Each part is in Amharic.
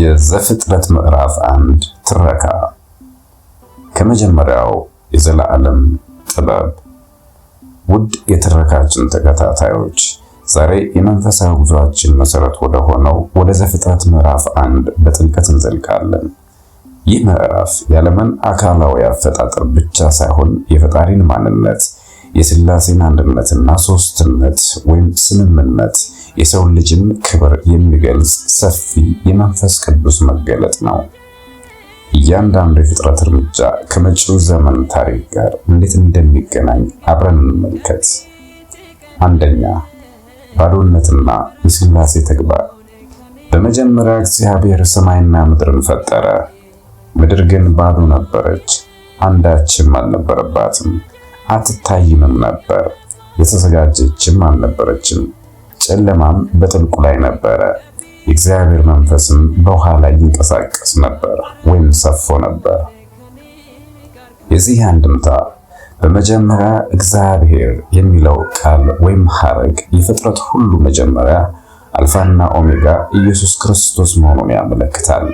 የዘፍጥረት ምዕራፍ አንድ ትረካ ከመጀመሪያው የዘላለም ጥበብ። ውድ የትረካችን ተከታታዮች ዛሬ የመንፈሳዊ ጉዟችን መሰረት ወደ ሆነው ወደ ዘፍጥረት ምዕራፍ አንድ በጥልቀት እንዘልቃለን። ይህ ምዕራፍ የዓለምን አካላዊ አፈጣጠር ብቻ ሳይሆን የፈጣሪን ማንነት፣ የሥላሴን አንድነትና ሦስትነት ወይም ስምምነት የሰውን ልጅም ክብር የሚገልጽ ሰፊ የመንፈስ ቅዱስ መገለጥ ነው። እያንዳንዱ የፍጥረት እርምጃ ከመጪው ዘመን ታሪክ ጋር እንዴት እንደሚገናኝ አብረን እንመልከት። አንደኛ፣ ባዶነትና የስላሴ ተግባር። በመጀመሪያ እግዚአብሔር ሰማይና ምድርን ፈጠረ። ምድር ግን ባዶ ነበረች፣ አንዳችም አልነበረባትም፣ አትታይምም ነበር፣ የተዘጋጀችም አልነበረችም። ጨለማም በጥልቁ ላይ ነበረ። የእግዚአብሔር መንፈስም በውሃ ላይ ይንቀሳቀስ ነበር ወይም ሰፎ ነበር። የዚህ አንድምታ በመጀመሪያ እግዚአብሔር የሚለው ቃል ወይም ሐረግ የፍጥረት ሁሉ መጀመሪያ አልፋና ኦሜጋ ኢየሱስ ክርስቶስ መሆኑን ያመለክታል።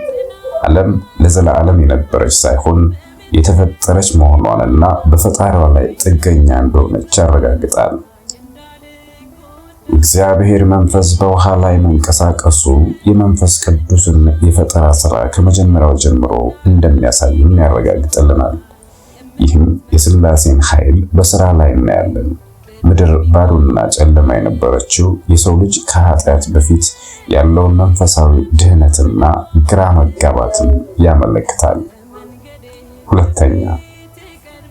ዓለም ለዘላለም የነበረች ሳይሆን የተፈጠረች መሆኗንና በፈጣሪዋ ላይ ጥገኛ እንደሆነች ያረጋግጣል። እግዚአብሔር መንፈስ በውሃ ላይ መንቀሳቀሱ የመንፈስ ቅዱስን የፈጠራ ሥራ ከመጀመሪያው ጀምሮ እንደሚያሳይም ያረጋግጥልናል። ይህም የሥላሴን ኃይል በስራ ላይ እናያለን። ምድር ባዶና ጨለማ የነበረችው የሰው ልጅ ከኃጢአት በፊት ያለውን መንፈሳዊ ድህነትና ግራ መጋባትን ያመለክታል። ሁለተኛ፣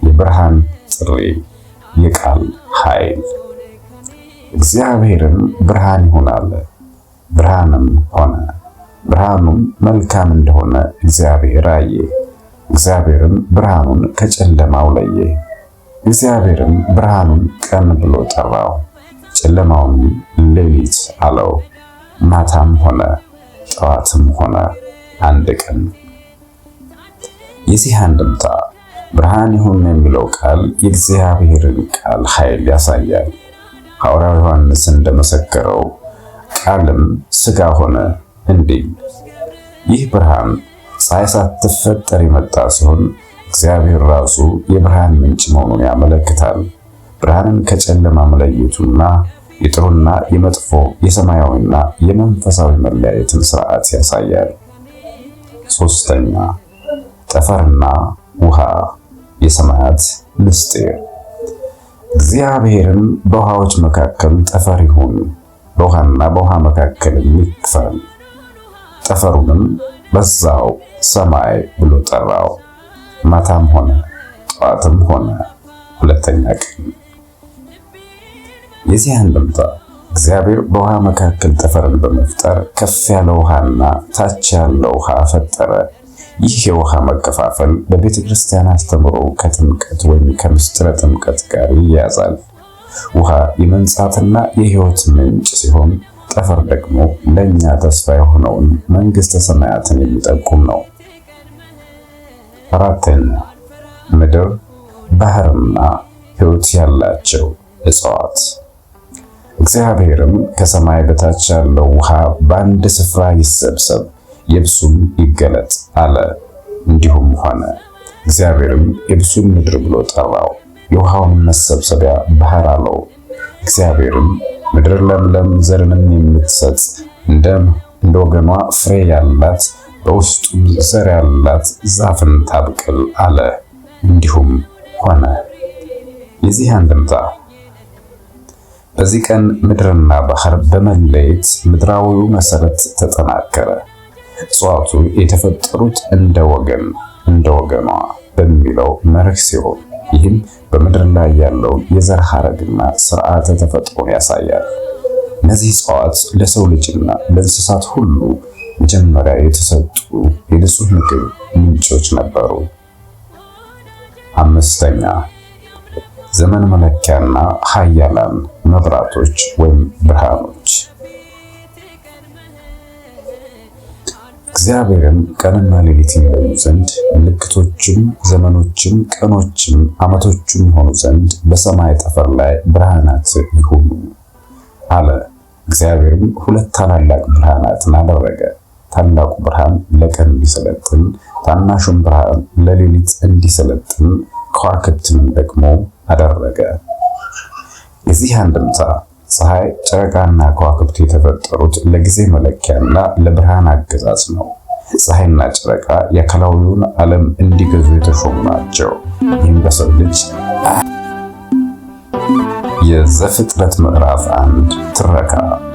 የብርሃን ጥሪ፣ የቃል ኃይል እግዚአብሔርም ብርሃን ይሁን አለ፣ ብርሃንም ሆነ። ብርሃኑም መልካም እንደሆነ እግዚአብሔር አየ። እግዚአብሔርም ብርሃኑን ከጨለማው ለየ። እግዚአብሔርም ብርሃኑን ቀን ብሎ ጠራው፣ ጨለማውን ሌሊት አለው። ማታም ሆነ ጠዋትም ሆነ አንድ ቀን። የዚህ አንድምታ ብርሃን ይሁን የሚለው ቃል የእግዚአብሔርን ቃል ኃይል ያሳያል። ሐዋርያው ዮሐንስ እንደመሰከረው ቃልም ሥጋ ሆነ እንዲል ይህ ብርሃን ፀሐይ ሳትፈጠር የመጣ ሲሆን እግዚአብሔር ራሱ የብርሃን ምንጭ መሆኑን ያመለክታል። ብርሃንን ከጨለማ መለየቱና የጥሩና የመጥፎ የሰማያዊና የመንፈሳዊ መለያየትን ስርዓት ያሳያል። ሶስተኛ ጠፈርና ውሃ የሰማያት ምስጢር እግዚአብሔርም በውሃዎች መካከል ጠፈር ይሁን፣ በውሃና በውሃ መካከል ይክፈል። ጠፈሩንም በዛው ሰማይ ብሎ ጠራው። ማታም ሆነ ጠዋትም ሆነ ሁለተኛ ቀን። የዚህ አንድምታ እግዚአብሔር በውሃ መካከል ጠፈርን በመፍጠር ከፍ ያለ ውሃና ታች ያለ ውሃ ፈጠረ። ይህ የውሃ መከፋፈል በቤተ ክርስቲያን አስተምሮ ከጥምቀት ወይም ከምስጢረ ጥምቀት ጋር ይያዛል። ውሃ የመንጻትና የሕይወት ምንጭ ሲሆን፣ ጠፈር ደግሞ ለእኛ ተስፋ የሆነውን መንግሥተ ሰማያትን የሚጠቁም ነው። አራተኛ ምድር፣ ባህርና ሕይወት ያላቸው እጽዋት እግዚአብሔርም ከሰማይ በታች ያለው ውሃ በአንድ ስፍራ ይሰብሰብ የብሱም ይገለጥ አለ። እንዲሁም ሆነ። እግዚአብሔርም የብሱን ምድር ብሎ ጠራው፣ የውሃውን መሰብሰቢያ ባህር አለው። እግዚአብሔርም ምድር ለምለም ዘርንም የምትሰጥ እንደም እንደ ወገኗ ፍሬ ያላት በውስጡም ዘር ያላት ዛፍን ታብቅል አለ። እንዲሁም ሆነ። የዚህ አንድምታ በዚህ ቀን ምድርና ባህር በመለየት ምድራዊው መሰረት ተጠናከረ። እጽዋቱ የተፈጠሩት እንደ ወገን እንደ ወገኗ በሚለው መርህ ሲሆን ይህም በምድር ላይ ያለውን የዘር ሐረግና ስርዓተ ተፈጥሮን ያሳያል። እነዚህ እጽዋት ለሰው ልጅና ለእንስሳት ሁሉ መጀመሪያ የተሰጡ የንጹህ ምግብ ምንጮች ነበሩ። አምስተኛ ዘመን መለኪያና ሀያላን መብራቶች ወይም ብርሃኖች እግዚአብሔርም ቀንና ሌሊት ይኖሩ ዘንድ ምልክቶችም፣ ዘመኖችም፣ ቀኖችም፣ ዓመቶችም ይሆኑ ዘንድ በሰማይ ጠፈር ላይ ብርሃናት ይሁኑ አለ። እግዚአብሔርም ሁለት ታላላቅ ብርሃናትን አደረገ። ታላቁ ብርሃን ለቀን እንዲሰለጥን፣ ታናሹን ብርሃን ለሌሊት እንዲሰለጥን ከዋክብትንም ደግሞ አደረገ። የዚህ አንድምታ ፀሐይ፣ ጨረቃና ከዋክብት የተፈጠሩት ለጊዜ መለኪያና ለብርሃን አገዛዝ ነው። ፀሐይና ጨረቃ የአካላዊውን ዓለም እንዲገዙ የተሾሙ ናቸው። ይህም በሰው ልጅ የዘፍጥረት ምዕራፍ አንድ ትረካ